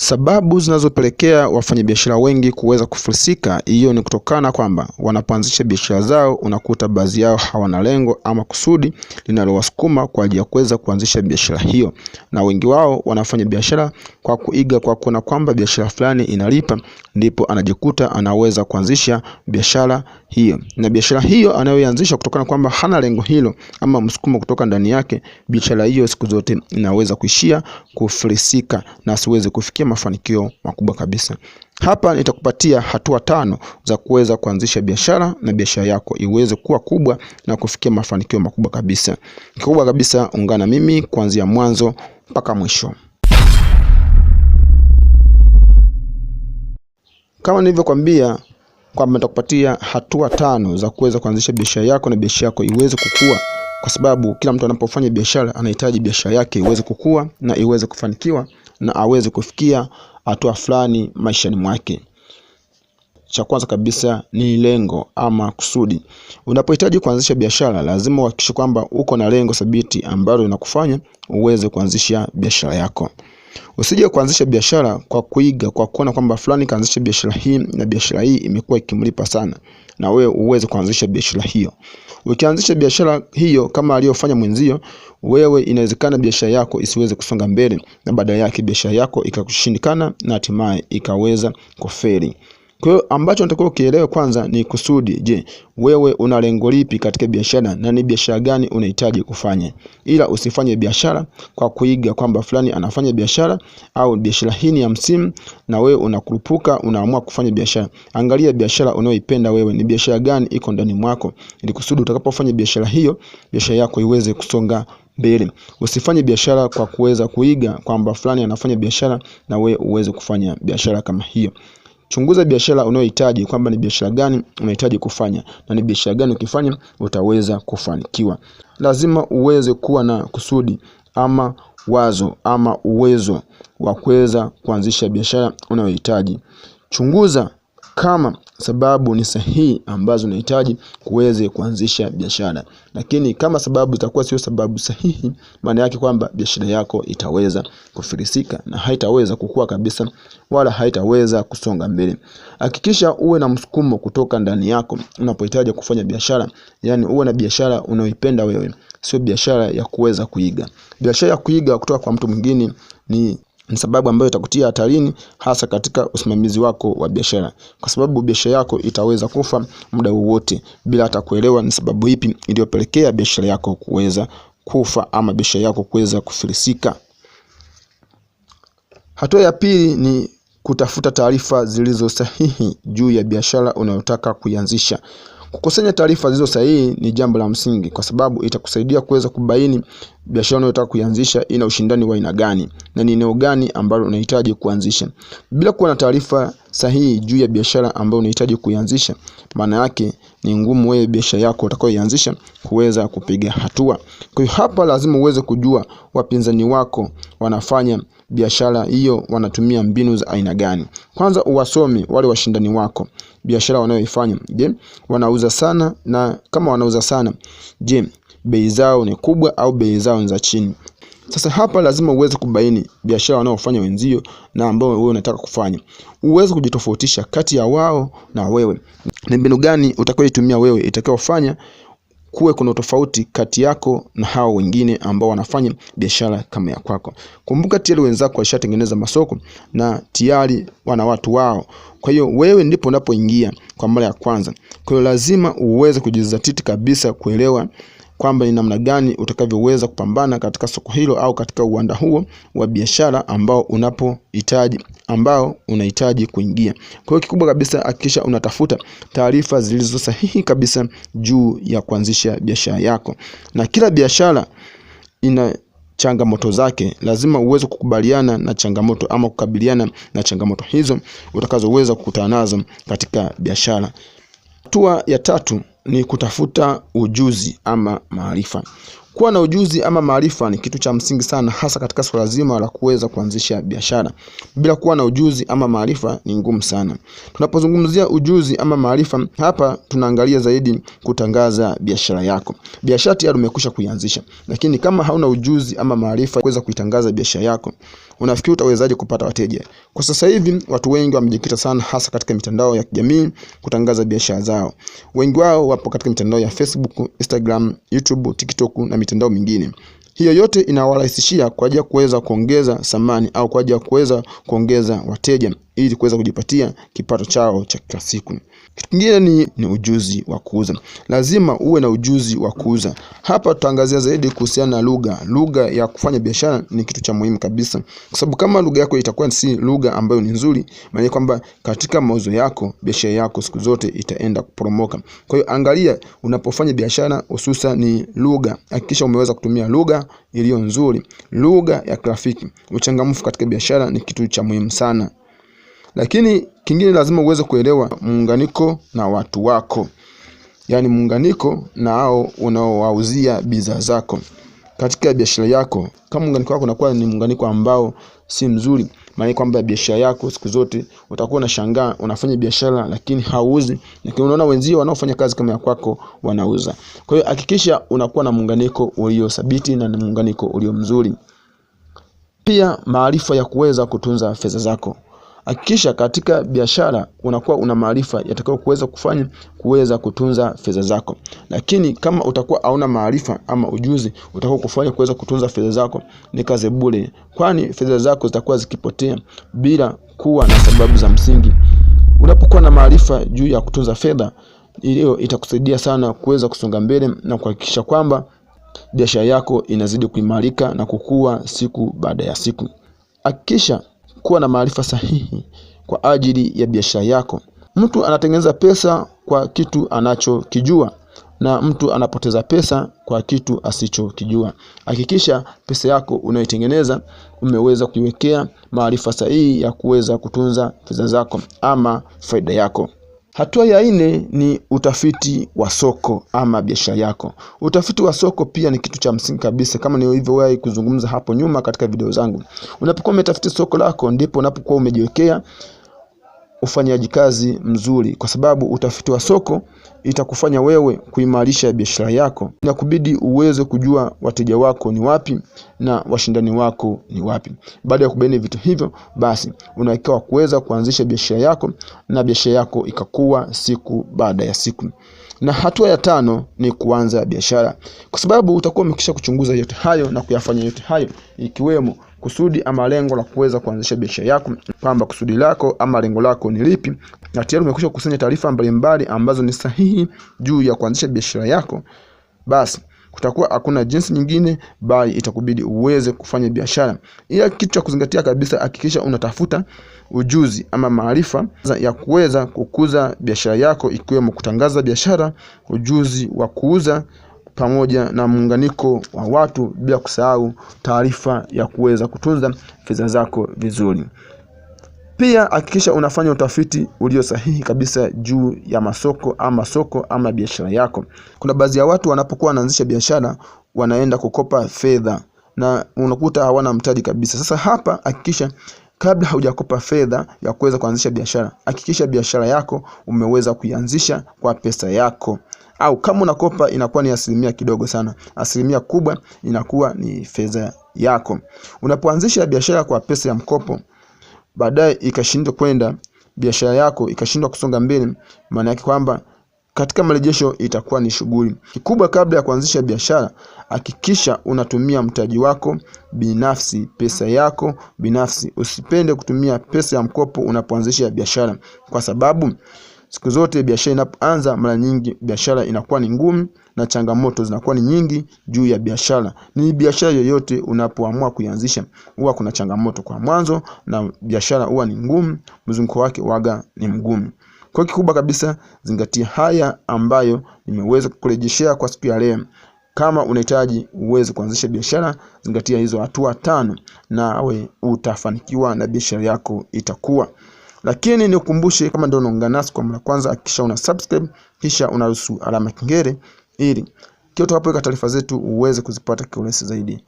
Sababu zinazopelekea wafanyabiashara wengi kuweza kufilisika, hiyo ni kutokana kwamba wanapoanzisha biashara zao unakuta baadhi yao hawana lengo ama kusudi linalowasukuma kwa ajili ya kuweza kuanzisha biashara hiyo, na wengi wao wanafanya biashara kwa kuiga, kwa kuona kwamba biashara fulani inalipa, ndipo anajikuta anaweza kuanzisha biashara hiyo. Na biashara hiyo anayoianzisha, kutokana kwamba hana lengo hilo ama msukumo kutoka ndani yake, biashara hiyo siku zote inaweza kuishia kufilisika na asiweze kufikia mafanikio makubwa kabisa. Hapa nitakupatia hatua tano za kuweza kuanzisha biashara na biashara yako iweze kuwa kubwa na kufikia mafanikio makubwa kabisa. Kikubwa kabisa, ungana mimi kuanzia mwanzo mpaka mwisho. Kama nilivyokwambia kwamba nitakupatia hatua tano za kuweza kuanzisha biashara yako na biashara yako iweze kukua, kwa sababu kila mtu anapofanya biashara anahitaji biashara yake iweze kukua na iweze kufanikiwa na aweze kufikia hatua fulani maishani mwake. Cha kwanza kabisa ni lengo ama kusudi. Unapohitaji kuanzisha biashara, lazima uhakikishe kwamba uko na lengo thabiti ambalo linakufanya uweze kuanzisha biashara yako. Usije kuanzisha biashara kwa kuiga, kwa kuona kwamba fulani kaanzisha biashara hii na biashara hii imekuwa ikimlipa sana, na wewe uweze kuanzisha biashara hiyo. Ukianzisha biashara hiyo kama aliyofanya mwenzio, wewe inawezekana biashara yako isiweze kusonga mbele, na baada yake biashara yako ikakushindikana na hatimaye ikaweza kufeli. Kwa hiyo ambacho natakiwa ukielewe kwanza ni kusudi. Je, wewe una lengo lipi katika biashara na ni biashara gani unahitaji kufanya? Ila usifanye biashara kwa kuiga kwamba fulani anafanya biashara au biashara hii ni ya msimu na wewe unakurupuka unaamua kufanya biashara. Angalia biashara unayoipenda wewe, ni biashara gani iko ndani mwako, ili kusudi utakapofanya biashara hiyo, biashara yako iweze kusonga mbele. Usifanye biashara kwa kuweza kuiga kwamba fulani anafanya biashara na wewe uweze kufanya biashara kama hiyo chunguza biashara unayohitaji kwamba ni biashara gani unahitaji kufanya na ni biashara gani ukifanya utaweza kufanikiwa. Lazima uweze kuwa na kusudi ama wazo ama uwezo wa kuweza kuanzisha biashara unayohitaji. Chunguza kama sababu ni sahihi ambazo unahitaji kuweze kuanzisha biashara, lakini kama sababu zitakuwa sio sababu sahihi, maana yake kwamba biashara yako itaweza kufilisika na haitaweza kukua kabisa, wala haitaweza kusonga mbele. Hakikisha uwe na msukumo kutoka ndani yako unapohitaji kufanya biashara, yani uwe na biashara unayoipenda wewe, sio biashara ya kuweza kuiga. Biashara ya kuiga kutoka kwa mtu mwingine ni ni sababu ambayo itakutia hatarini, hasa katika usimamizi wako wa biashara, kwa sababu biashara yako itaweza kufa muda wowote bila hata kuelewa ni sababu ipi iliyopelekea biashara yako kuweza kufa ama biashara yako kuweza kufilisika. Hatua ya pili ni kutafuta taarifa zilizo sahihi juu ya biashara unayotaka kuianzisha. Kukusanya taarifa zilizo sahihi ni jambo la msingi, kwa sababu itakusaidia kuweza kubaini biashara unayotaka kuianzisha ina ushindani wa aina gani na ni eneo gani ambalo unahitaji kuanzisha. Bila kuwa na taarifa sahihi juu ya biashara ambayo unahitaji kuianzisha, maana yake ni ngumu wewe biashara yako utakayoianzisha kuweza kupiga hatua. Kwa hiyo, hapa lazima uweze kujua wapinzani wako wanafanya biashara hiyo wanatumia mbinu za aina gani. Kwanza uwasome wale washindani wako, biashara wanayoifanya. Je, wanauza sana? Na kama wanauza sana, je, bei zao ni kubwa au bei zao ni za chini? Sasa hapa lazima uweze kubaini biashara wanaofanya wenzio na ambao wewe unataka kufanya. Uweze kujitofautisha kati ya wao na wewe. Ni mbinu gani utakayoitumia wewe itakayofanya kuwe kuna utofauti kati yako na hao wengine ambao wanafanya biashara kama ya kwako. Kumbuka tayari wenzako washatengeneza masoko na tayari wana watu wao, kwa hiyo wewe ndipo unapoingia kwa mara ya kwanza. Kwa hiyo lazima uweze kujizatiti kabisa kuelewa kwamba ni namna gani utakavyoweza kupambana katika soko hilo au katika uwanda huo wa biashara ambao unapohitaji ambao unahitaji kuingia. Kwa hiyo kikubwa kabisa, hakikisha unatafuta taarifa zilizo sahihi kabisa juu ya kuanzisha biashara yako, na kila biashara ina changamoto zake. Lazima uweze kukubaliana na changamoto ama kukabiliana na changamoto hizo utakazoweza kukutana nazo katika biashara. Hatua ya tatu ni kutafuta ujuzi ama maarifa. Kuwa na ujuzi ama maarifa ni kitu cha msingi sana, hasa katika swala zima la kuweza kuanzisha biashara. Bila kuwa na ujuzi ama maarifa ni ngumu sana. Tunapozungumzia ujuzi ama maarifa, hapa tunaangalia zaidi kutangaza biashara yako. Biashara tayari umekwisha kuianzisha, lakini kama hauna ujuzi ama maarifa kuweza kuitangaza biashara yako Unafikiri utawezaje kupata wateja? Kwa sasa hivi watu wengi wamejikita sana hasa katika mitandao ya kijamii kutangaza biashara zao. Wengi wao wapo katika mitandao ya Facebook, Instagram, YouTube, TikTok na mitandao mingine. Hiyo yote inawarahisishia kwa ajili ya kuweza kuongeza thamani au kwa ajili ya kuweza kuongeza wateja ili kuweza kujipatia kipato chao cha kila siku. Kitu kingine ni, ni ujuzi wa kuuza. Lazima uwe na ujuzi wa kuuza. Hapa tutaangazia zaidi kuhusiana na lugha. Lugha ya kufanya biashara ni kitu cha muhimu kabisa, kwa sababu kama lugha yako itakuwa si lugha ambayo ni nzuri, maana kwamba katika mauzo yako biashara yako siku zote itaenda kuporomoka. Kwa hiyo, angalia unapofanya biashara, hususan ni lugha, hakikisha umeweza kutumia lugha iliyo nzuri, lugha ya kirafiki. Uchangamfu katika biashara ni kitu cha muhimu sana. Lakini kingine lazima uweze kuelewa muunganiko na watu wako, yaani muunganiko na hao unaowauzia bidhaa zako katika biashara yako. Kama muunganiko wako unakuwa ni muunganiko ambao si mzuri, maana kwamba biashara yako siku zote utakuwa unashangaa, unafanya biashara lakini hauzi, lakini unaona wenzio wanaofanya kazi kama ya kwako wanauza. Kwa hiyo hakikisha unakuwa na muunganiko ulio thabiti na muunganiko ulio mzuri. Pia maarifa ya kuweza kutunza fedha zako. Hakikisha katika biashara unakuwa una maarifa yatakayo kuweza kufanya kuweza kutunza fedha zako. Lakini kama utakuwa hauna maarifa ama ujuzi utakao kufanya kuweza kutunza fedha zako ni kazi bure, kwani fedha zako zitakuwa zikipotea bila kuwa na sababu za msingi. Unapokuwa na maarifa juu ya kutunza fedha, hiyo itakusaidia sana kuweza kusonga mbele na kuhakikisha kwamba biashara yako inazidi kuimarika na kukua siku baada ya siku. Hakikisha kuwa na maarifa sahihi kwa ajili ya biashara yako. Mtu anatengeneza pesa kwa kitu anachokijua na mtu anapoteza pesa kwa kitu asichokijua. Hakikisha pesa yako unayoitengeneza umeweza kuiwekea maarifa sahihi ya kuweza kutunza fedha zako ama faida yako. Hatua ya nne ni utafiti wa soko ama biashara yako. Utafiti wa soko pia ni kitu cha msingi kabisa, kama nilivyowahi kuzungumza hapo nyuma katika video zangu. Unapokuwa umetafiti soko lako, ndipo unapokuwa umejiwekea ufanyaji kazi mzuri, kwa sababu utafiti wa soko itakufanya wewe kuimarisha biashara yako. Inakubidi uweze kujua wateja wako ni wapi na washindani wako ni wapi. Baada ya kubaini vitu hivyo, basi unaikiwa kuweza kuanzisha biashara yako na biashara yako ikakua siku baada ya siku. Na hatua ya tano ni kuanza biashara, kwa sababu utakuwa umekisha kuchunguza yote hayo na kuyafanya yote hayo ikiwemo kusudi ama lengo la kuweza kuanzisha biashara yako, kwamba kusudi lako ama lengo lako ni lipi, na tayari umekwisha kukusanya taarifa mbalimbali ambazo ni sahihi juu ya kuanzisha biashara yako, basi kutakuwa hakuna jinsi nyingine bali itakubidi uweze kufanya biashara. Ila kitu cha kuzingatia kabisa, hakikisha unatafuta ujuzi ama maarifa ya kuweza kukuza biashara yako, ikiwemo kutangaza biashara, ujuzi wa kuuza pamoja na muunganiko wa watu bila kusahau taarifa ya kuweza kutunza fedha zako vizuri. Pia hakikisha unafanya utafiti ulio sahihi kabisa juu ya masoko ama soko ama biashara yako. Kuna baadhi ya watu wanapokuwa wanaanzisha biashara wanaenda kukopa fedha na unakuta hawana mtaji kabisa. Sasa hapa hakikisha kabla haujakopa fedha ya kuweza kuanzisha biashara, hakikisha biashara yako umeweza kuianzisha kwa pesa yako au kama unakopa inakuwa ni asilimia kidogo sana, asilimia kubwa inakuwa ni fedha yako. Unapoanzisha biashara kwa pesa ya mkopo, baadaye ikashindwa kwenda, biashara yako ikashindwa kusonga mbele, maana yake kwamba katika marejesho itakuwa ni shughuli kikubwa. Kabla ya kuanzisha biashara, hakikisha unatumia mtaji wako binafsi, pesa yako binafsi. Usipende kutumia pesa ya mkopo unapoanzisha biashara, kwa sababu Siku zote biashara inapoanza, mara nyingi biashara inakuwa ni ngumu na changamoto zinakuwa ni nyingi juu ya biashara. Ni biashara yoyote unapoamua kuianzisha, huwa kuna changamoto kwa mwanzo na biashara huwa ni ngumu, mzunguko wake waga ni mgumu. Kwa kikubwa kabisa, zingatia haya ambayo nimeweza kukurejeshea kwa siku ya leo. Kama unahitaji uweze kuanzisha biashara, zingatia hizo hatua tano, nawe utafanikiwa na biashara yako itakuwa. Lakini nikukumbushe, kama ndio unaungana nasi kwa mara kwanza, hakikisha una subscribe kisha unaruhusu alama kengele, ili kila taarifa zetu uweze kuzipata kiurahisi zaidi.